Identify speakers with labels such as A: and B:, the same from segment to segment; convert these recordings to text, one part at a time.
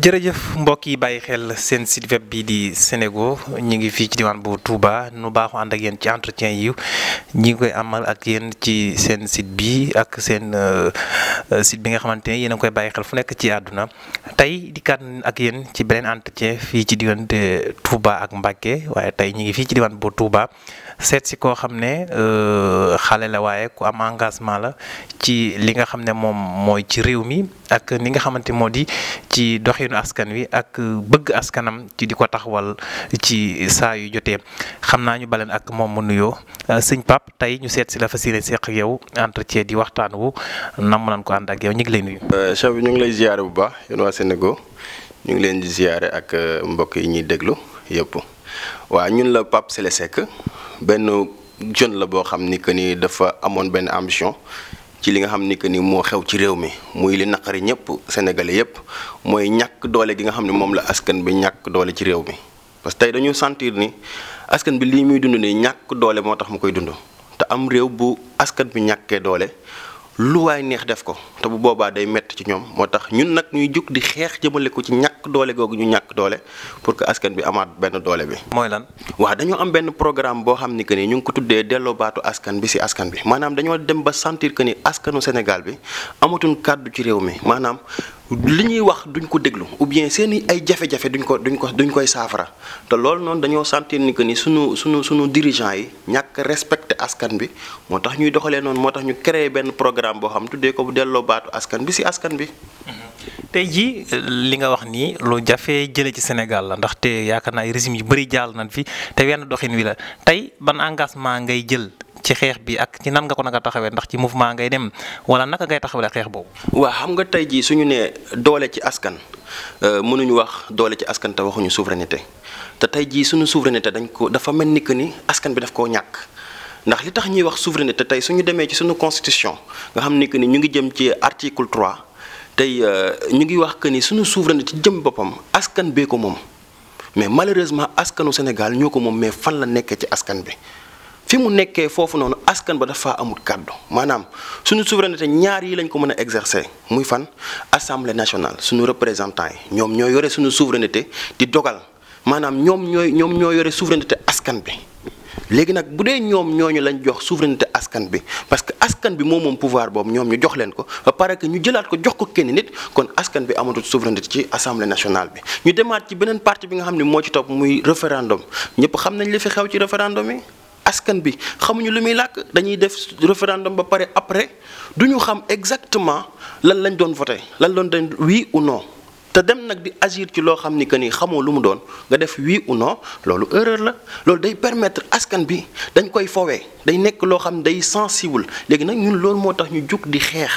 A: jërëjëf mbokk yi bàyyi xel seen site web bi di Senego ñu ngi fii ci diwaan bu Touba nu baaxu ànd ak yéen ci entretien yi ñu ngi koy amal ak yéen ci seen sit bi ak seen euh, site bi nga xamante ne yéen a koy bàyyi xel fu nekk ci àdduna tey di kat ak yéen ci beneen entretien fii ci diggante Touba ak Mbacké waaye tey ñu ngi fii ci diwaan bu Touba seet si koo xam ne euh, xale la waaye la ci li nga xam ne moom mooy ci réew mi ak li nga xamante moo di ci doxin doxalinu askan wi ak bëgg askanam ci di ko taxawal ci saa yu jotee xam naa ñu baleen ak moom mu nuyoo euh, sëñ Pape tey ñu seet si la fas yéene seq yow entretien di waxtaan wu nam nañ ko ànd ak yow ñu ngi lay nuyu.
B: Euh, chef bi ñu ngi lay ziare bu baax yéen waa Sénégal ñu ngi leen di ziare ak euh, mbokk yi ñuy déglu yëpp waa ñun la Pape Sélé Seck benn jeune la boo xam ni que ni dafa amoon benn ambition. ci li nga xam ni que ni moo xew ci réew mi muy li naqari ñëpp sénégalais yëpp mooy ñàkk doole gi nga xam ne moom la askan bi ñàkk doole ci réew mi. parce que tey dañu sentir ni askan bi lii muy dund ni ñàkk doole moo tax mu koy dund te am réew bu askan bi ñàkkee doole. lu waay neex def ko te bu boobaa day métti ci ñoom moo tax ñun nag ñuy jug di xeex jëmale ko ci ñàkk doole googu ñu ñàkk doole pour que askan bi amaat benn doole bi. mooy lan waaw dañoo am benn programme boo xam ni que ni ñu ngi ko tuddee delloo baatu askan bi si askan bi maanaam dañoo dem ba sentir que ni askanu Sénégal bi amatuñ kàddu ci réew mi maanaam. li ñuy wax duñ ko déglu ou bien seeni ay jafe-jafe duñ ko duñ ko duñ koy saafara te loolu noonu dañoo sentir ni que ni sunu sunu sunu dirigeant yi ñàkk respecté askan bi moo tax ñuy doxalee noonu moo tax ñu créé benn programme boo xam tuddee ko bu delloo baatu askan bi si askan bi.
A: tey jii li nga wax nii lu jafe jëlee ci Sénégal la ndaxte yaakaar naa ay régime yi bëri jaal nañ fi te wenn doxin wi la tey ban engagement ngay jël. ci xeex bi ak ci nan nga ko naka taxawee ndax ci mouvement ngay dem wala naka ngay taxawee xeex boobu.
B: waa xam nga tey jii suñu nee doole ci askan euh, mënuñu wax doole ci askan te waxuñu souveraineté te tey jii suñu souveraineté dañ ko dafa mel ni que ni askan bi daf koo ñàkk. ndax li tax ñuy wax souveraineté tey suñu demee ci suñu constitution nga xam ni que ni ñu ngi jëm ci article 3 tey euh, ñu ngi wax que ni suñu souveraineté ci jëm boppam askan bee ko moom mais malheureusement askanu Sénégal ñoo ko moom mais fan la nekkee ci askan bi. fi mu nekkee foofu noonu askan ba dafa amul kàddu maanaam suñu souveraineté ñaar yi lañ ko mën a exercer muy fan assemblée nationale suñu représentants yi ñoom ñoo yore suñu souveraineté di dogal maanaam ñoom ñooy ñoom ñoo yore souveraineté askan bi léegi nag bu dee ñoom ñooñu lañ jox souveraineté askan bi parce que askan bi moom moom pouvoir boobu ñoom ñu jox leen ko ba pare que ñu jëlaat ko jox ko kenn nit kon askan bi amatul souveraineté ci assemblée nationale bi ñu demaat ci beneen partie bi nga xam ne moo ci topp muy référendum ñëpp xam nañ li fi xew ci référendum yi askan bi xamuñu lu muy làkk dañuy def référendum ba pare après ñu xam exactement lan lañ doon voté lan lañ doon wii ou non te dem nag di agir ci loo xam ni que nii xamoo lu mu doon nga def oui ou non loolu erreur la loolu day permettre askan bi dañ koy fowee day nekk loo xam day sensible léegi nag ñun loolu moo tax ñu jug di xeex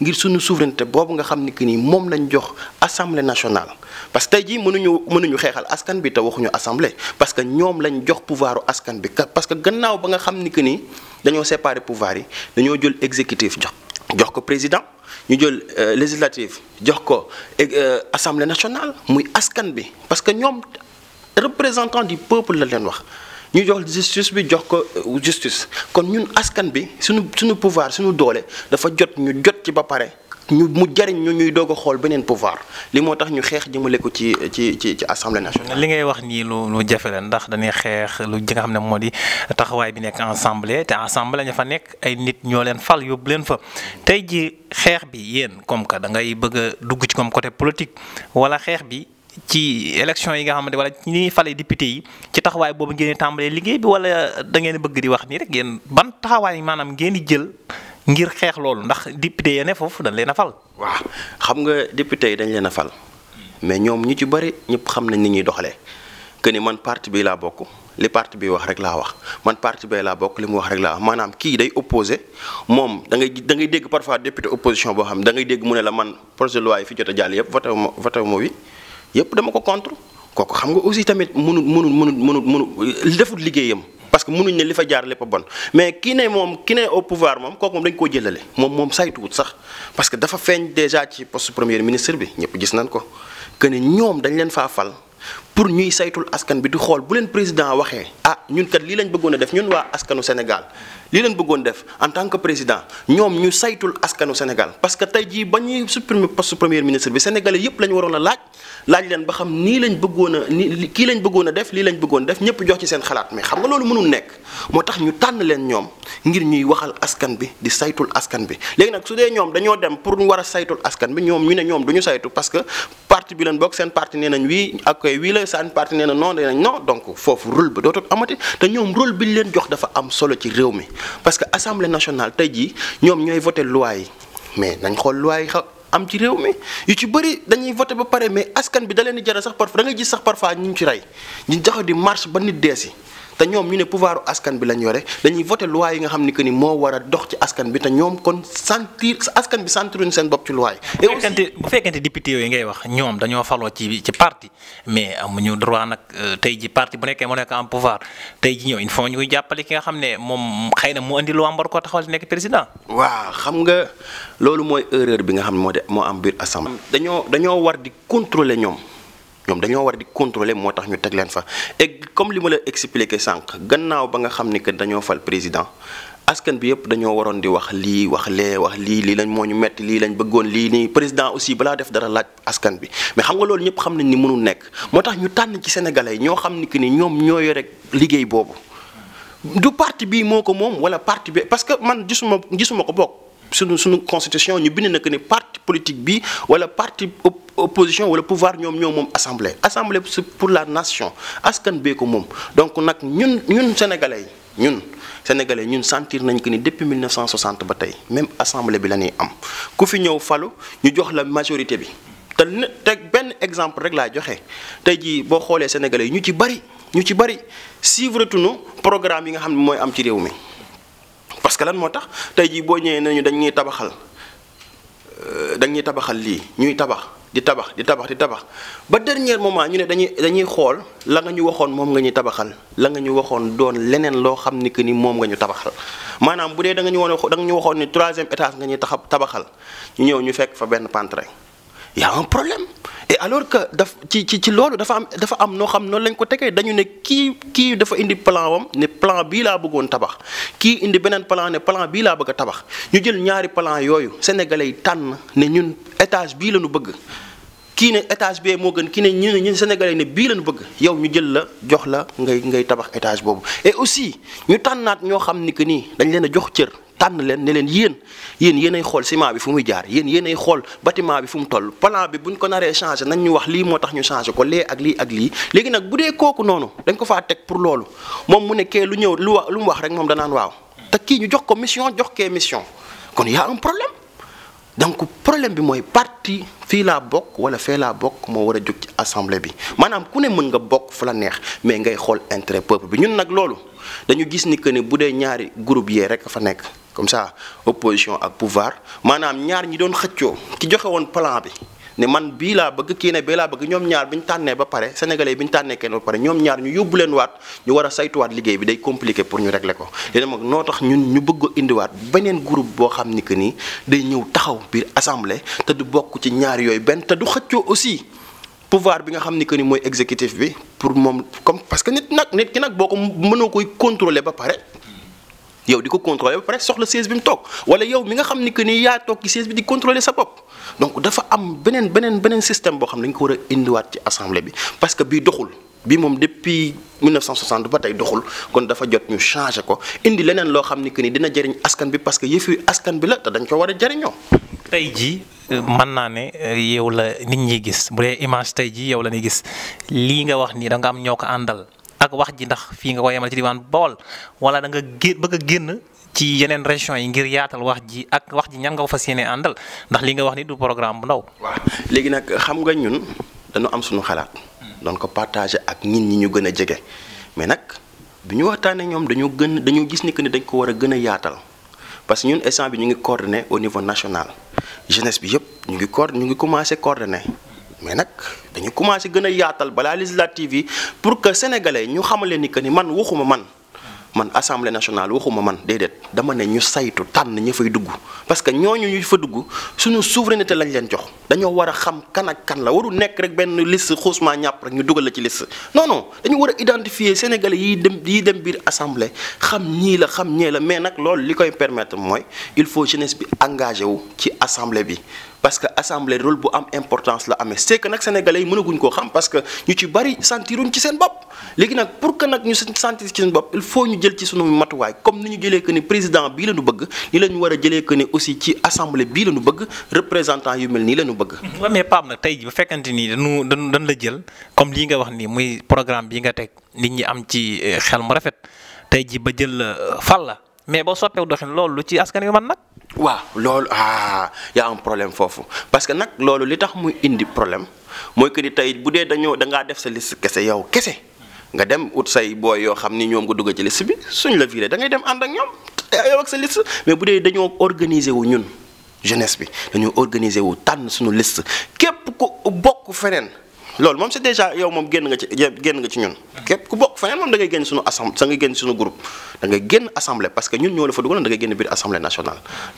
B: ngir suñu souveraineté boobu nga xam ni que nii moom lañ jox assemblée nationale. parce que tey jii mënuñu mënuñu xeexal askan bi te waxuñu assemblée parce que ñoom lañ jox pouvoiru askan bi parce que gannaaw ba nga xam ni que ni dañoo séparer pouvar yi dañoo jël exécutif jox jox ko président. ñu jël euh, législative jox ko euh, assemblée nationale muy askan bi parce que ñoom représentant du peuple la leen wax ñu jox justice bi jox ko euh, justice kon ñun askan bi suñu suñu pouvoir suñu doole dafa jot ñu jot ci ba pare ñu mu jariñ ñu ñuy doog a xool beneen pouvoir li moo tax ñu xeex jëmale ko ci ci ci ci assemblée nationale.
A: li ngay wax nii lu lu jafe la ndax dañuy xeex lu ji nga xam ne moo di taxawaay bi nekk assemblée te assemblée ña fa nekk ay nit ñoo leen fal yóbbu leen fa tey ji xeex bi yéen comme que da ngay bëgg dugg ci comme côté politique wala xeex bi. ci élection yi nga xam ne wala ci ñuy fale député yi ci taxawaay boobu ngeen di liggéey bi wala da ngeen bëgg di wax nii rek ngeen ban taxawaay maanaam ngeen di jël ngir xeex loolu ndax député ya ne foofu dañ leen a fal. waaw xam nga député yi dañ leen a fal
B: mais ñoom ñu ci bëri ñëpp xam nañ ni ñuy doxalee que ni man parti bi laa bokk li parti bi wax rek laa wax man parti bi laa bokk li mu wax rek laa wax maanaam kii day opposé moom da dangay da ngay dégg parfois député opposition boo xam ne da dégg mu ne la man projet de loi yi fi jot a jàll yëpp voté wu ma wi yëpp dama ko contre kooku xam nga aussi tamit mënul mënul mënul mënul mënul defut liggéeyam. parce que mënuñ ne li fa jaar lépp a bon mais ki ne moom ki ne au pouvoir moom kooku moom dañ koo jëlale moom moom saytuwut sax parce que dafa feeñ déjà ci post premier ministre bi ñëpp gis nañ ko que ne ñoom dañ leen faa fal pour ñuy saytul askan bi di xool bu leen président waxee ah ñun kat lii lañ bëggoon a def ñun waa askanu Sénégal lii lañ bëggoon def en tant que président ñoom ñu saytul askanu Sénégal parce que jii ba ñuy supprimer premier ministre bi sénégalais yëpp la waroon a laaj laaj leen ba xam nii lañ bëggoon a nii kii lañ bëggoon a def lii lañ bëggoon def ñëpp jox ci seen xalaat mais xam nga loolu mënul nekk moo tax ñu tànn leen ñoom ngir ñuy waxal askan bi di saytul askan a saytu saan parti nee na non nee nañ non donc foofu rôle bi dootul amati te ñoom rôle bi leen jox dafa am solo ci réew mi parce que assemblée nationale tey jii ñoom ñooy voté loi yi mais nañ xool loi yi xa am ci réew mi yu ci bëri dañuy voté ba pare mais askan bi daleen di jaral sax parfois da ngay gis sax parfois ñu ci rey ñu joxe di marche ba nit dee si te ñoom ñu ne pouvoiru askan bi lañ yore dañuy voté loi yi nga xam ni que ni moo war a dox ci askan bi te ñoom kon sentir askan bi sentiruñu seen bopp ci loi yi. bu fekkente
A: bu fekkente député yooyu ngay wax ñoom dañoo faloo ci ci parti mais amuñu droit nag euh, tey ji parti bu nekkee moo nekk am tey ji ñëw il faut ñu jàppale ki nga xam ne moom xëy na mu andi loi mbar koo taxawal nekk président. waa xam nga
B: loolu mooy erreur bi nga xam moo de moo am biir assemblée. dañoo dañoo war di contrôler ñoom. ñoom dañoo war di contrôler moo tax ñu teg leen fa et comme li ma la expliqué sànq gannaaw ba nga xam ni que dañoo fal président askan bi yëpp dañoo waroon di wax lii wax lee wax lii lii lañ moo ñu metti lii lañ bëggoon lii nii président aussi balaa def dara laaj askan bi mais xam nga loolu ñëpp xam nañ ni mënul nekk moo tax ñu tànn ci sénégalais ñoo xam ni que ni ñoom ñoo yore liggéey boobu du parti bii moo ko moom wala parti bi parce que man gisuma gisuma ko bokk. suñu suñu constitution ñu bind na que ne parti politique bi wala parti opposition wala pouvoir ñoom ñoo moom assemblée assemblée pour la nation askan bee ko moom donc nag ñun ñun sénégalais yi ñun sénégalais ñun sentir nañ que ni depuis 1960 ba tey même assemblée bi la ñuy am ku fi ñëw falu ñu jox la majorité bi te te benn exemple rek laa joxe tey jii boo xoolee sénégalais yi ñu ci bari ñu ci bari suivre tunu programme yi nga xam ne mooy am ci réew mi parce que lan moo tax tey jii boo ñëwee nañu dañ ñuy tabaxal euh, dañ ñuy tabaxal lii ñuy tabax di tabax di tabax di tabax ba dernier moment ñu ne dañuy dañuy xool la nga ñu waxoon moom nga ñuy tabaxal la nga ñu waxoon doon leneen loo xam ni que nii moom nga ñu tabaxal maanaam bu dee da nga ñu woon da nga ñu waxoon ni troisième étage nga ñuy taxa tabaxal ñu ñëw ñu fekk fa benn pentre y a un problème et que daf ci ci ci loolu dafa am dafa am noo xam noonu lañ ko tegee dañu ne kii kii dafa indi plan wam ne plan bii laa bëggoon tabax kii indi beneen plan ne plan bii laa bëgg a tabax ñu jël ñaari plan yooyu sénégalais yi tànn ne ñun étage bii la ñu bëgg kii ne étage bee moo gën kii ne ñu ñun sénégalais ne bii lañu bëgg yow ñu jël la jox la ngay ngay tabax étage boobu et aussi ñu tànnaat ñoo xam ni que nii dañ leen a jox cër tànn leen ne leen yéen yéen yéenay xool ciment bi fu muy jaar yéen yéenay xool bâtiment bi fu mu toll plan bi bu buñ ko naree changé nañ ñu wax lii moo tax ñu changé ko lee ak lii ak lii léegi nag bu dee kooku noonu dañ ko faa teg pour loolu moom mu ne kee lu ñëw lu wa lu mu wax rek moom danaan waaw te kii ñu jox ko mission jox kee mission kon y problème donc problème bi mooy parti fii laa bokk wala fee laa bokk moo war a jóg ci assemblée bi maanaam ku ne mën nga bokk fa la neex mais ngay xool intérêt peuple bi ñun nag loolu dañu gis ni que ne bu dee ñaari groupe yee rek fa nekk comme ça opposition ak pouvoir maanaam ñaar ñi doon xëccoo ki joxe woon plan bi ne man bii laa bëgg kii ne bee laa bëgg ñoom ñaar bi ñu tànnee ba pare sénégalais bi ñu tànnee kenn ba pare ñoom ñaar ñu yóbbu leen waat ñu war a saytuwaat liggéey bi day compliqué pour ñu régler ko léegi nag noo tax ñun ñu bëgg indiwaat beneen groupe boo xam ni que nii day ñëw taxaw biir assemblée te du bokk ci ñaar yooyu benn te du xëccoo aussi pouvoir bi nga xam ni que ni mooy exécutif bi pour moom comme parce que nit nag nit ki nag boo ko mënoo koy contrôler ba pare yow di ko contrôler ba pare soxla siège bi mu toog wala yow mi nga xam ni que ni yaa toog ci siège di contrôler sa bopp donc dafa am beneen beneen beneen système boo xam ne dañ ko war a indiwaat ci assemblée bi parce que bii doxul bi moom depuis 1960 ba tey doxul kon dafa jot ñu changé ko indi leneen loo xam ni que ni dina jëriñ askan bi parce que yëfi askan bi la te dañ ko war a jëriñoo.
A: tey jii euh, man naa ne euh, yow la nit ñi gis bu dee image tey jii yow la ñuy gis lii nga wax nii da am ñoo ko àndal. ak wax ji ndax fii nga ko yemal ci diwaan bool wala da nga gé bëgg génn ci yeneen région yi ngir yaatal wax ji ak wax ji ñan nga ko fas yéene àndal ndax li nga wax ni du programme bu ndaw. waa
B: léegi nag xam nga ñun dañu am suñu xalaat. doon ko partagé ak ñin ñi ñu gën a jege mais nag bi ñu waxtaanee ñoom dañoo gën dañoo gis ni que ni dañ ko war a gën a yaatal parce que ñun instant bi ñu ngi coordonné au niveau national jeunesse bi yëpp ñu ngi coordonné ñu ngi commencé coordonné. mais nag dañu commencé gën a yaatal balaa législative yi pour que sénégalais ñu xamale ni que ni man waxuma man man assemblée nationale waxuma man déedéet dama ne ñu saytu tànn ña fay dugg parce que ñoo ñu fa dugg suñu souveraineté lañ leen jox dañoo war xam kan ak kan la waru nekk rek benn liste xuusma ñàpp rek ñu dugal la ci liste non dañu war a identifier sénégalais yiy dem yiy dem biir assemblée xam ñii la xam ñee la mais nag loolu li koy permettre mooy il faut jeunesse bi engagé wu ci assemblée bi parce que assemblée rôle bu am importance la amee c'est que nag yi mënaguñ koo xam parce que ñu ci bari sentiruñ ci seen bopp léegi nag pour que nag ñu sentir ci seen bopp il faut ñu jël ci sunu matuwaay comme ni ñu jëlee que ni président bii la ñu bëgg ni la ñu war a ni aussi ci assemblée bii la bëgg représentant yu mel nii la ñu bëgg.
A: waaw mais Pape nag tey bu fekkente ni dañu dañu dañ la jël comme lii nga wax nii muy programme bi nga teg nit ñi am ci eh, xel mu rafet tey ji ba jël euh, fal la mais boo soppeeku doxin loolu lu ci askan wi man nag. waaw loolu
B: ah, ah y a problème foofu parce que nag loolu li tax muy indi problème mooy que ni tey bu dee dañoo da ngaa def sa list kese yow kese nga dem ut say booy yoo xam ni ñoom ko dugg ci liste bi suñ la viré da ngay dem ànd ak ñoom yow ak sa liste mais bu dee dañoo organiser wu ñun jeunesse bi dañoo organiser wu tànn suñu list képp ku bokk feneen. loolu moom c'est déjà yow moom génn nga ci génn nga ci ñun. képp ku bokk feneen moom da ngay génn suñu assemblée da ngay génn suñu groupe da ngay génn assemblée parce que ñun ñoo la fa dugaloon da ngay génn biir assemblée nationale. a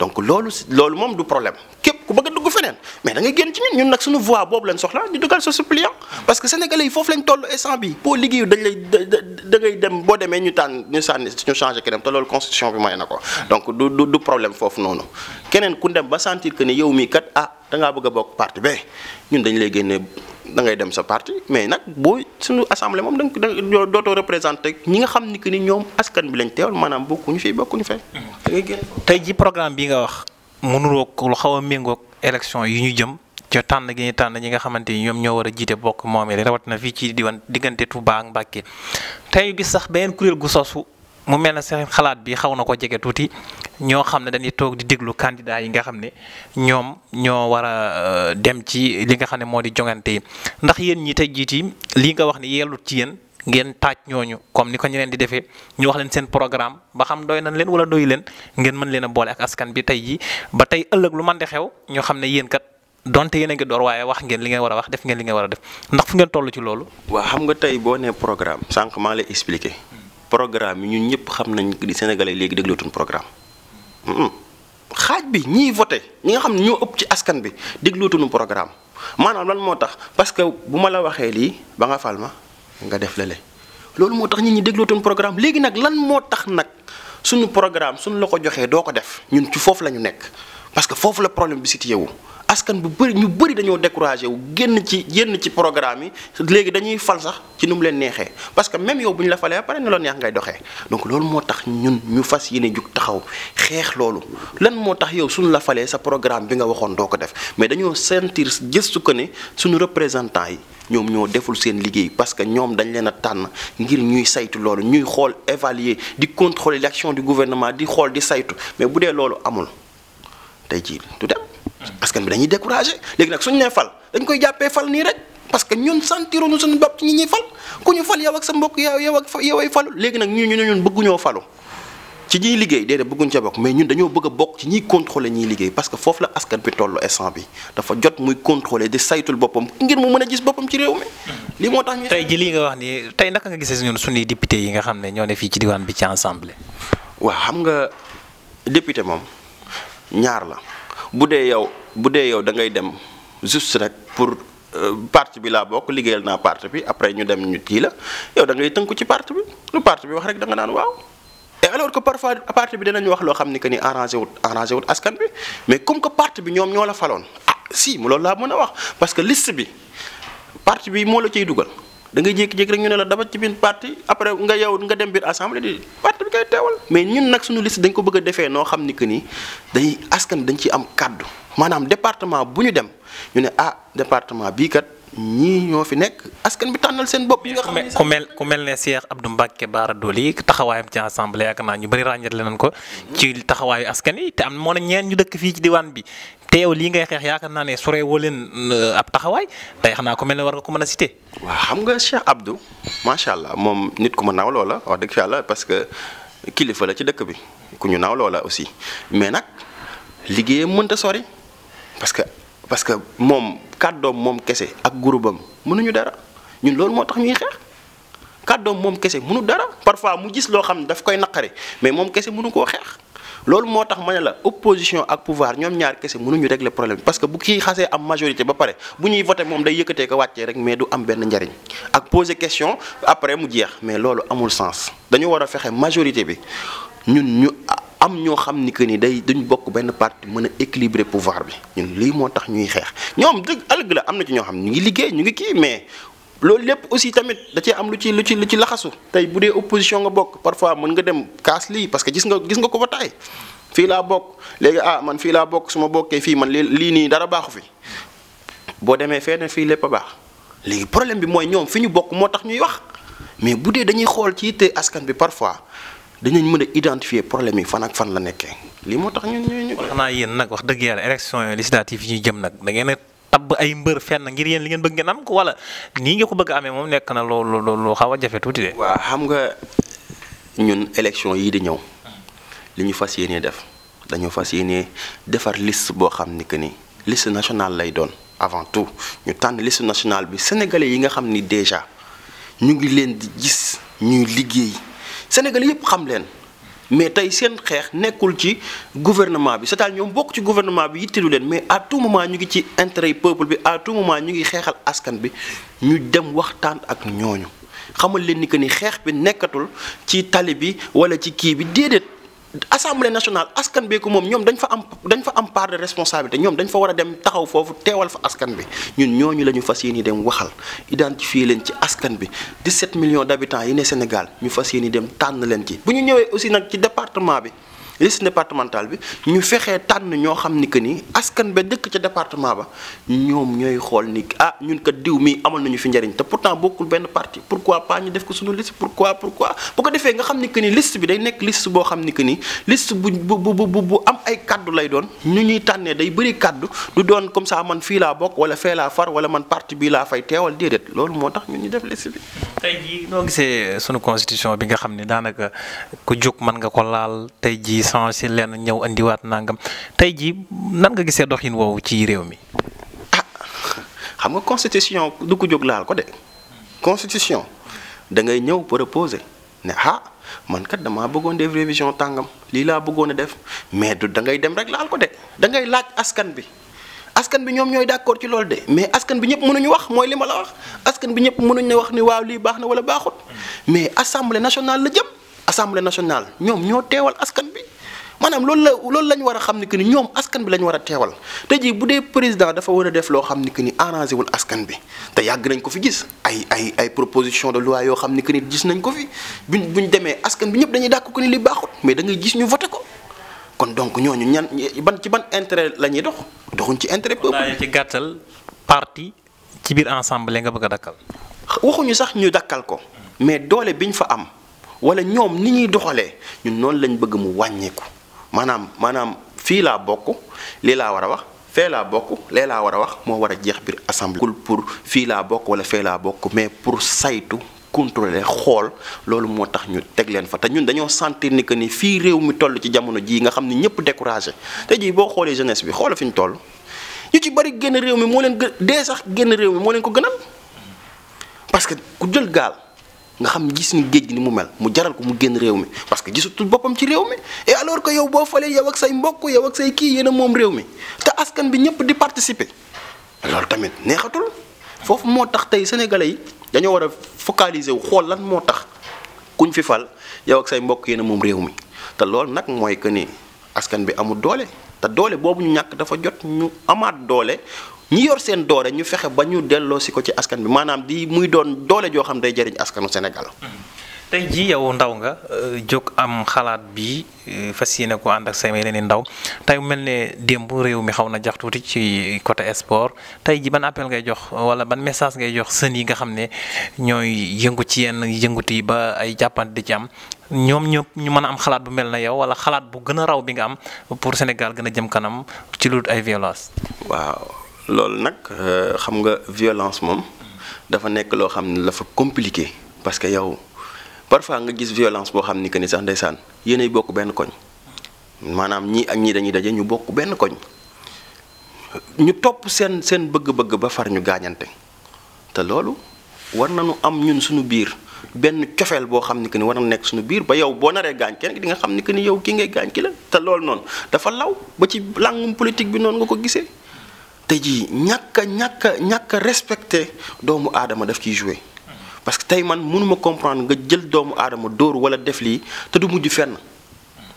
B: lay da dem boo demee ñu tànn ñu sànni changé keneen te loolu constitution bi ko donc du du noonu keneen ku dem ba sentir que ni yow mii kat ah da bokk parti ba dañ lay génnee da ngay dem sa parti mais nag boo suñu assemblée moom da nga dootoo représenté ñi nga xam ni que ni ñoom askan
A: bi lañ teewal maanaam bokkuñu fii bokkuñu fee. Hmm. da ngay génn tey ji programme bi nga wax. mënuloo lu xaw a méngoog élection yi ñu jëm. ci tànn gi ñu tànn ñi nga xamante ni ñoom ñoo war a jiite bokk moomeel rawat na fii ci diwaan diggante Touba ak Mbacké tey gis sax beneen kuréel gu sosu mu mel na seen xalaat bi xaw na ko jege tuuti ñoo xam ne dañuy toog di déglu candidat yi nga xam ne ñoom ñoo war a euh, dem ci li nga xam ne moo di jongante yi ndax yéen ñi tey yi lii nga wax ne yeelut ci ngeen taaj ñooñu comme ni ko ñeneen di defee ñu wax leen seen programme ba xam doy nañ leen wala doy leen ngeen mën leen a boole ak askan bi tey jii ba tey ëllëg lu man di xew ñoo xam ne yéen kat donte yéen a ngi door waaye wax ngeen li ngeen war a wax def ng li ngeen war a def ndax fu ngeen toll ci loolu.
B: waaw xam nga tey boo nee programme sànq maa lay expliquer programme yi ñun ñëpp xam nañ di sénégalais léegi déglootuñ programme xaaj bi ñiy voté ñi nga xam ne ñoo ëpp ci askan bi déglootuñu programme maanaam lan moo tax parce que bu ma la waxee lii ba nga fal ma nga def lële loolu moo tax ñi ñi déglootuñu programme léegi nag lan moo tax nag suñu programme suñu la ko joxee doo ko def ñun ci foofu la ñu nekk parce que foofu la problème bi situé wu askan bu bëri ñu bëri dañoo découragé wu génn ci génn ci programme yi léegi dañuy fal sax ci nu mu leen neexee parce que même yow bu ñu la falee pare ne la neex ngay doxee donc loolu moo tax ñun ñu fas yéene jug taxaw xeex loolu lan moo tax yow suñu la falee sa programme bi nga waxoon doo ko def mais dañoo sentir gëstu ko ne suñu représentant yi ñoom ñoo deful seen liggéey parce que ñoom dañ leen a tànn ngir ñuy saytu loolu ñuy xool évaluer di contrôler l'action du gouvernement di xool di saytu mais bu dee loolu amul tey jii du askan bi dañuy découragé léegi nag suñu nee fal dañ koy jàppee fal nii rek parce que ñun sentiroonu suñu bopp ci ñi ñuy fal ku ñu fal yow ak sa mbokk yow yow ak yow ay falu léegi nag ñu ñu ne ñun bëgguñoo falu ci ñiy liggéey déedéet bëgguñ ca bokk mais ñun dañoo bëgg a bokk ci ñiy contrôler ñiy liggéey parce que foofu la askan bi tollu instant bi dafa jot muy contrôler di saytul boppam ngir mu mën a gis boppam ci réew mi
A: lii moo tax ñu tey ji lii nga wax ni tey naka nga gisee ñun suñuy député yi nga xam ne ñoo ne fii ci diwaan bi ci assemblée waaw xam nga député moom ñaar la
B: bu dee yow bu dee yow da ngay dem juste rek pour euh, parti bi laa bokk liggéeyal naa parti bi après ñu dem ñu kii la yow da ngay tënku ci parti bi lu parti bi wax rek da nga naan waaw. et alors que parfois parti bi danañ wax loo xam ni que ni arrangé wut arangé wut askan bi mais comme que parti bi ñoom ñoo la faloon ah si mu loolu laa mën a wax parce que list bi parti bi moo la ciy dugal da ngay jékki-jékki rek ñu ne la dama ci biir parti après nga yow nga dem biir assemblée di. koy teewal mais ñun nag suñu liste dañ ko bëgg a defee noo xam ni que ni dañuy askan dañ ci am kàddu maanaam département bu ñu dem ñu ne ah département bii kat ñii ñoo fi nekk askan bi tànnal seen bopp. yi
A: nga xam ne ku mel ku mel ne Cheikh Abdou Mbacke Bara Dolly taxawaayam ci assemblée yaakaar naa ñu bëri ràññeetle nañ ko ci taxawaayu askan yi te am moo ne ñeen ñu dëkk fii ci diwaan bi yow lii ngay xeex yaakaar naa ne sore woo leen euh, ab taxawaay tey xanaa ku mel ne war nga ko mën a cité. waaw xam nga Cheikh Abdou
B: macha allah moom nit ku ma nawloo la wax dëgg yàlla parce que. kilifa la ci dëkk bi ku ñu naw loola aussi mais nag liggéeyam mënta sori parce que parce que moom kàddoom moom kese ak groupam mënuñu dara ñun loolu moo tax ñuy xeex doom moom kese mënu dara parfois mu gis loo xam ne daf koy naqari mais moom kese mënu koo xeex. loolu moo tax ma ne la opposition ak pouvoir ñoom ñaar kese mënuñu régler problème parce que bu kii xasee am majorité ba pare bu ñuy voté moom day yëkkatee ko wàccee rek mais du am benn njariñ ak poser question après mu jeex mais loolu amul sens dañu war a fexe majorité bi ñun ñu am ñoo xam ni que nii day duñ bokk benn parti mën a équilibrer pouvoir bi ñun lii moo tax ñuy xeex ñoom dëgg ëllëg am na ci ñoo xam ñu ngi liggéey ñu ngi kii mais loolu lépp aussi tamit da am lu ci lu ci lu ci laxasu tey bu dee opposition nga bokk parfois mën nga dem kaas lii parce que gis nga gis nga ko ba taay fii laa bokk léegi ah man fii laa bokk suma bokkee fii man lii nii dara baaxu fi boo demee feneen fii lépp a baax léegi problème bi mooy ñoom fi ñu bokk moo tax ñuy wax mais bu dee dañuy xool ci yitte askan bi parfois dinañ mën a identifier problème yi fan ak fan la nekkee lii moo tax ñu ñu
A: xanaa yéen nag wax dëgg yàlla élection législative yi ñuy jëm nag da tabb ay mbër fenn ngir yéen li ngeen bëgg ngeen nam ko wala nii nga ko bëgg amee moom nekk na loo loo loo xaw a jafe tuuti de. waaw xam nga ñun
B: élection yii di ñëw li ñu fas yéenee def dañoo fas yéenee defar liste boo xam ni que ni liste nationale lay doon avant tout ñu tànn liste nationale bi sénégalais yi nga xam ni déjà ñu ngi leen di gis ñuy liggéey sénégalais yëpp xam leen. mais tey seen xeex nekkul ci gouvernement bi cest à ñoom bokk ci gouvernement bi yittilu leen mais à tout moment ñu ngi ci intérêt yi peuple bi à tout ñu ngi xeexal askan bi ñu dem waxtaan ak ñooñu xamal leen ni que ni xeex bi nekkatul ci tali bi wala ci kii bi déedéet. assemblée nationale askan bee moom ñoom dañ fa am dañ fa am part responsabilité ñoom dañ fa war a dem taxaw foofu teewal fa askan bi ñun ñooñu la ñu fas yéene dem waxal identifier leen ci askan bi 17 millions d' habitants yi ne Sénégal ñu fas yéene dem tànn leen ci bu ñu ñëwee aussi nag ci département bi. liste départementale bi ñu fexee tànn ñoo xam ni que ni askan ba dëkk ca département ba ñoom ñooy xool ni ah ñun kat diw mii amal nañu fi njariñ te pourtant bokkul benn parti pourquoi pas ñu def ko suñu liste pourquoi pourquoi bu ko defee nga xam ni que ni liste bi day nekk liste boo xam ni que ni liste bu bu bu bu am ay kaddu lay doon ñu ñuy tànnee day bëri kaddu du doon comme ça man fii laa bokk wala fee laa far wala man parti bii laa fay teewal déedéet loolu moo tax ñun ñu def liste bi.
A: bi nga xam ne daanaka ku jóg changé lenn ñëw andiwaat nangam tey jii nan nga gisee doxin woowu ci réew mi. ah xam nga constitution
B: du ko jóg laal ko de constitution da ngay ñëw proposer ne ah man kat damaa bëggoon def révision tàngam lii laa bëggoon a def mais du da ngay dem rek laal ko de da ngay laaj askan bi. askan bi ñoom ñooy d'accord ci loolu de mais askan bi ñëpp mënuñu wax mooy li ma la wax askan bi ñëpp mënuñ ne wax ni waaw lii baax na wala baaxut mais assemblée nationale la jëm assemblée nationale ñoom maanaam loolu la loolu la war a xam ni que ni ñoom askan bi la war a teewal te jii bu dee président dafa war a def loo xam ni que ni arrangé wul askan bi te yàgg nañ ko fi gis ay ay ay proposition de loi yoo xam ni que ni gis nañ ko fi bu ñu demee askan bi ñëpp dañuy dàkk ko ni li baaxut mais da gis ñu voté ko kon donc ñooñu ñan ban ci ban intérêt la ñuy dox doxuñ ci intérêt peuple ci gàttal parti
A: ci biir ensemble nga bëgg
B: a dakkal. waxuñu sax ñu dakkal ko mais doole bi ñu fa am wala ñoom ni ñuy doxalee ñun noonu lañ bëgg mu wàññeeku. maanaam maanaam fii laa bokk lii laa war a wax fee laa bokk lee laa war a wax moo war a jeex biir assemblée. pour fii laa bokk wala fee laa bokk mais pour saytu contrôler xool loolu moo tax ñu teg leen fa te ñun dañoo sentir ni que ni fii réew mi toll ci jamono jii nga xam ne ñëpp découragé te jii boo xoolee jeunesse bi xoola fi ñu toll ñu ci bëri génn réew mi moo leen gën dee sax génn réew mi moo leen ko gënal parce que ku jël gaal. nga xam gis ni géej gi ni mu mel mu jaral ko mu génn réew mi parce que gisatul boppam ci réew mi et alors que yow boo falee yow ak say mbokk yow ak say kii yéen moom réew mi te askan bi ñëpp di participer tamit neexatul foofu moo tax tey sénégalais yi dañoo war a focaliser wu xool lan moo tax kuñ fi yow ak say mbokk yéen moom réew mi te loolu nag mooy que ni askan bi amul doole te doole boobu ñu ñàkk dafa jot ñu amaat doole. ñi yor seen doole ñu fexe ba ñu delloo si ko ci askan bi maanaam di muy doon doole joo xam day jëriñ askanu Sénégal.
A: Mm-hmm. tey ji yow ndaw nga euh, jóg am xalaat bi euh, fas yéene ko ànd ak say yeneen ndaw tey mel ne démb réew mi xaw na jax tuuti ci côté sport tey ji ban appel ngay jox wala ban message ngay jox seen yi nga xam ne ñooy yëngu ci yenn yëngut yi ba ay jàppante di ci am ñoom ñëpp ñu mën a am xalaat bu mel na yow wala xalaat bu gën a raw bi nga am pour Sénégal gën a jëm kanam ci lu ay violence.
B: loolu nag euh, xam nga violence moom dafa nekk loo xam ne dafa compliqué parce que yow parfois nga gis violence boo xam ne que ni sax ndeysaan yéenay bokk benn koñ maanaam ñii ak ñii dañuy daje ñu bokk benn koñ ñu topp seen seen bëgg-bëgg ba far ñu gaañante te loolu war na nu am ñun suñu biir benn cofeel boo xam ni que ni war na nekk suñu biir ba yow boo naree gaañ kenn di nga xam ne que ni yow ki ngay gaañ ki la te loolu noonu dafa law ba ci làngum politique bi noonu nga ko gisee. tey jii ñàkk ñàkk ñàkk a doomu aadama def ciy joué parce que tey man mënuma comprendre nga jël doomu aadama dóor wala def lii te du mujj fenn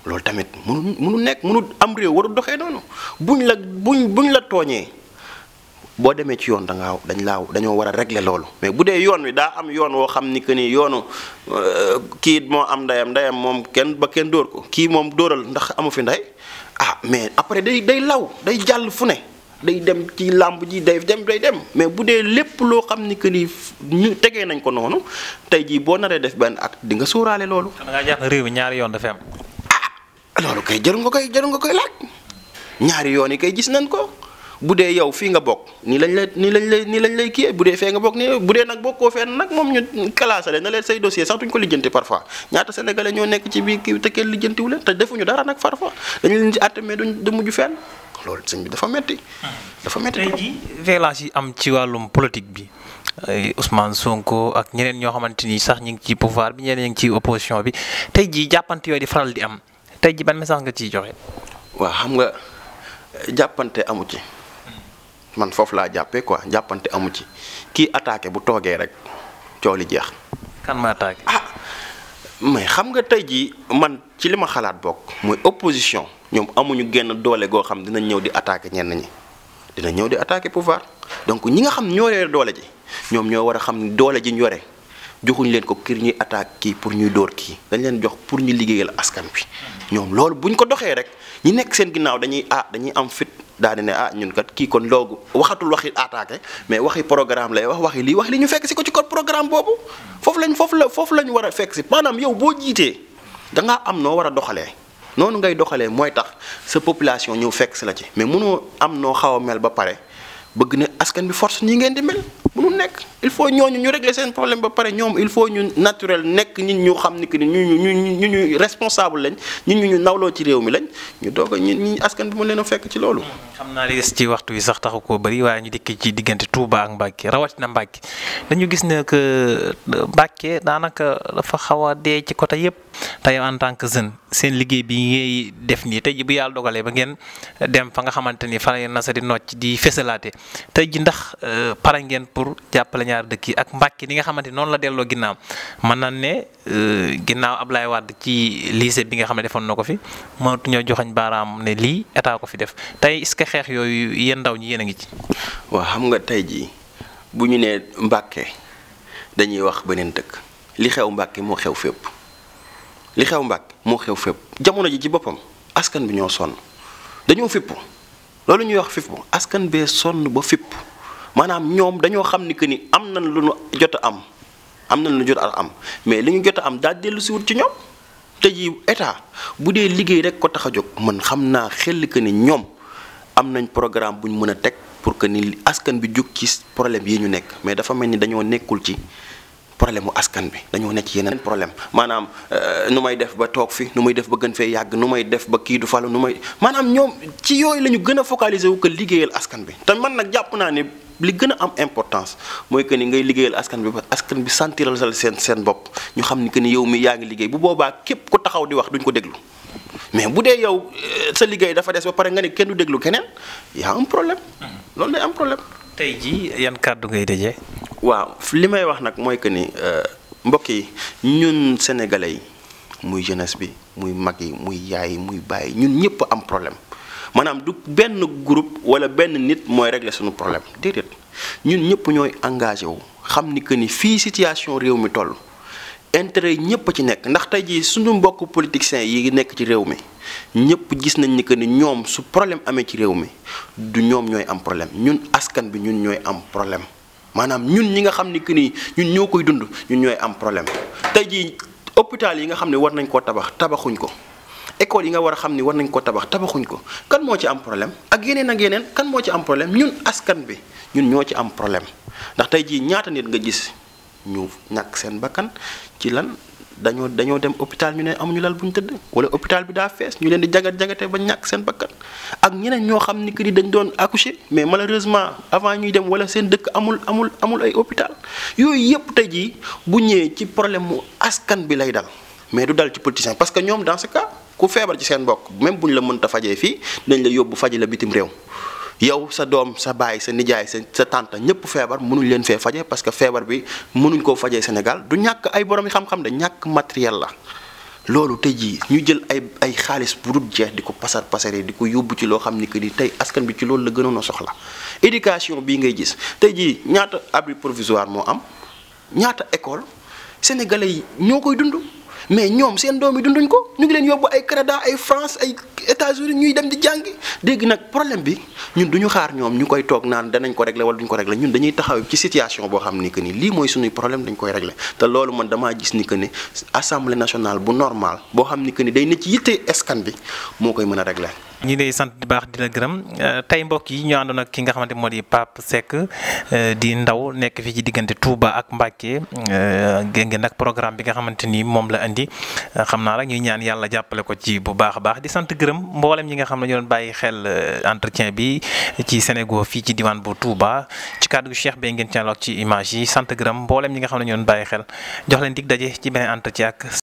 B: loolu tamit mënu mënu nekk munu am réew waru doxee noonu buñ la buñ buñ la tooñee boo demee ci yoon da ngaa dañ laa dañoo war a régler loolu mais bu dee yoon wi daa am yoon woo xam ni que nii yoonu euh, kii moo am ndeyam ndeyam moom kenn ba kenn dóor kii moom dóoral ndax amu fi ndey ah mais après day law day jàll fu ne day dem ci làmb ji day dem day dem mais bu dee lépp loo xam ni que ni ñu tegee nañ ko noonu tey jii boo naree def benn ak di nga suuraale loolu.
A: da ñaari yoon
B: dafa am. ah loolu kay jëru nga koy jëru nga koy laaj ñaari yoon yi kay gis nañ ko. bu dee yow fii nga bokk nii lañ lay nii nii lañ lay kii bu dee fee nga bokk nii bu dee nag bokkoo fenn nag moom ñu classé na leen say dossier sax duñ ko lijjanti parfois ñaata sénégalais ñoo nekk ci biir kii te kenn lijjantiwu leen te defuñu dara nag parfois dañu leen mais duñ du mujj loolu sëñ bi dafa
A: metti dafa metti tey jii violence yi am ci wàllum politique bi Ousmane Sonko ak ñeneen ñoo xamante ni sax ñu ngi ci pouvoir bi ñeneen ñu ngi ci opposition bi tey jii jàppante yooyu di faral di am tey jii ban message nga ciy joxe. waa xam nga jàppante
B: amu ci man foofu laa jàppee quoi jàppante amu ci kii attaqué bu toogee rek coow li jeex. kan ma attaqué ah, mais xam nga tey jii man ci li ma xalaat bokk mooy opposition ñoom amuñu genn doole goo xam dinañ ñëw di attaquer ñenn ñi dinañ ñëw di attaquer pouvoir donc ñi nga xam ñoo yore doole ji ñoom ñoo war a xam ni doole ji ñu yore joxuñu leen ko kir ñuy attaque kii pour ñuy dóor kii dañ leen jox pour ñu liggéeyal askan bi ñoom loolu buñ ko doxee rek. ñi nekk seen ginnaaw dañuy ah dañuy am fit daal di ne ah ñun kat kii kon loogu waxatul waxi attaqué mais waxi programme lay wax waxi lii wax li ñu fekk si ko ci code programme boobu foofu lañ foofu la foofu lañ a fekk si maanaam yow boo jiitee da am noo war a doxalee noonu ngay doxalee mooy tax sa population ñëw fekk si la ci mais munoo am noo xaw a mel ba pare bëgg ne askan bi force nii ngeen di mel mënul nekk il faut ñooñu ñu régler seen problème ba pare ñoom il faut ñu naturel nekk nit ñu xam ni que ni ñu ñu ñu ñu responsable lañ nit ñu ñu nawloo ci réew mi lañ ñu doog a bi mën leen a fekk ci loolu.
A: xam naa li des ci yi sax taxu koo bëri waaye ñu dikk ci diggante Touba ak Mbacké rawatina Mbacké dañu gis ne que euh, Mbacké daanaka dafa xaw a dee ci côté yëpp te en tant que jeune seen liggéey bi ngay def nii tey ji bu yàlla dogalee ba ngeen dem fa nga xamante ni fa ngeen nasa di nocc di fësalaate tey ji ndax euh, pare ngeen pour pour jàppale ñaari dëkk yi ak Mbàkke ni nga xamante noonu la delloo ginnaaw mën na ne euh, ginnaaw Ablaye Wade ci lycée bi nga xam ne defoon na ko fi mënatu ñoo joxañ baaraam ne lii état ko fi def tey est-ce que xeex yooyu yéen ndaw ñi yéen a ngi ci. waaw xam nga tey jii bu ñu nee Mbàkke
B: dañuy wax beneen dëkk li xew Mbàkke moo xew fépp li xew Mbàkke moo xew fépp jamono ji ci boppam askan bi ñoo sonn dañoo fipp loolu ñuy wax fipp askan bee sonn ba fipp. maanaam ñoom dañoo xam ni que ni am nañ lu ñu jot am am nañ lu jot a am mais li ñu jot am daal dellusi wut ci ñoom te ji état bu dee liggéey rek ko tax a jóg man xam naa xel que ni ñoom am nañ programme bu ñu mën a teg pour que ni askan bi jóg ci problème yi ñu nekk mais dafa mel ni dañoo nekkul ci problème mu askan bi dañoo nekk ci yeneen problème maanaam euh, nu may def ba toog fi nu may def ba gën fee yàgg nu may def ba kii du falu nu may maanaam ñoom ci yooyu la ñu gën a focaliser wu ko liggéeyal askan bi te naa li gën a am importance mooy que ni ngay liggéeyal askan bi ba askan bi sentiral sal seen seen bopp ñu xam ni que ni yow mi yaa ngi liggéey bu boobaa képp ku taxaw di wax duñ ko déglu mais bu dee yow euh, sa liggéey dafa des ba pare nga ne kenn du déglu keneen yaa am problème hmm. loolu day am problème. tey jii yan kàddu ngay dëjee. waaw li may wax nag mooy que ni euh, mbokk yi ñun sénégalais yi muy jeunesse bi muy mag yi muy yaay yi muy bàyyi ñun ñëpp am problème. maanaam du benn groupe wala benn nit mooy régler suñu problème déedéet ñun ñëpp ñooy engagé wu xam ni que ni fii situation réew mi toll intérêt yi ñëpp a ci nekk ndax tey jii suñu mbokk politiciens yi nekk ci réew mi ñëpp gis nañ ni que ni ñoom su problème amee ci réew mi du ñoom ñooy am problème ñun askan bi ñun ñooy am problème maanaam ñun ñi nga xam ni que nii ñun ñoo koy dund ñun ñooy am problème tey jii hôpital yi nga xam ne war nañ koo tabax tabaxuñ ko. école yi nga war a xam ni war nañ ko tabax tabaxuñ ko kan moo ci am problème ak yeneen ak yeneen kan moo ci am problème ñun askan bi ñun ñoo ci am problème ndax tey jii ñaata nit nga gis ñu ñàkk seen bakkan ci lan dañoo dañoo dem hôpital ñu ne amuñu lal bu ñu tëdd wala hôpital bi daa fees ñu leen di jagat jagate ba ñàkk seen bakkan ak ñeneen ñoo xam ni këri dañ doon accoucher mais malheureusement avant ñuy dem wala seen dëkk amul amul amul ay hôpital yooyu yëpp tey jii bu ñëwee ci problème mu askan bi lay dal mais du dal ci politicien parce que ñoom dans ce cas. ku feebar ci seen mbokk même bu ñu la mënta fajee fii dañ la yóbbu faji la bitim réew yow sa doom sa baay sa nijaay sa sa tante ñëpp feebar mënuñ leen fee faje parce que feebar bi mënuñ koo fajee Sénégal du ñàkk ay borom yi xam-xam da ñàkk matériel la loolu tey jii ñu jël ay ay xaalis bu dul jeex di ko pasar pasare di ko yóbbu ci loo xam ni que ni tey askan bi ci loolu la gënoon soxla éducation bii ngay gis tey jii ñaata abri provisoire moo am ñaata école sénégalais yi ñoo koy dund mais ñoom seen doom yi dunduñ ko ñu ngi leen yóbbu ay Canada ay France ay États-Unis ñuy dem di jàngi dégg nag problème bi ñun duñu xaar ñoom ñu koy toog naan danañ ko régler wala duñ ko régler ñun dañuy taxaw ci situation boo xam ni que ni lii mooy suñuy problème dañ koy régler te loolu man damaa gis ni que ni assemblée nationale bu normal boo xam ni que ni day nit ci yitte eskan bi moo koy mën a regle
A: ñi lay sant di baax di la gërëm euh, tey mbokk yi ñu àndoon ak ki nga xamante moo di Pape Seck euh, di ndaw nekk fii ci diggante Touba ak Mbacké euh, gén nag programme bi nga xamante ni moom la indi xam naa rek ñuy ñaan yàlla jàppale ko ci bu baax a baax di sant gërëm mboolem ñi nga xam ne ñu doon bàyyi xel entretien bi ci Sénégal fii ci diwaan bu Touba ci kàddu gu Cheikh Bey ngeen ci àll ci image yi sant gërëm mboolem ñi nga xam ne ñoo doon bàyyi xel jox leen daje ci beneen entretien ak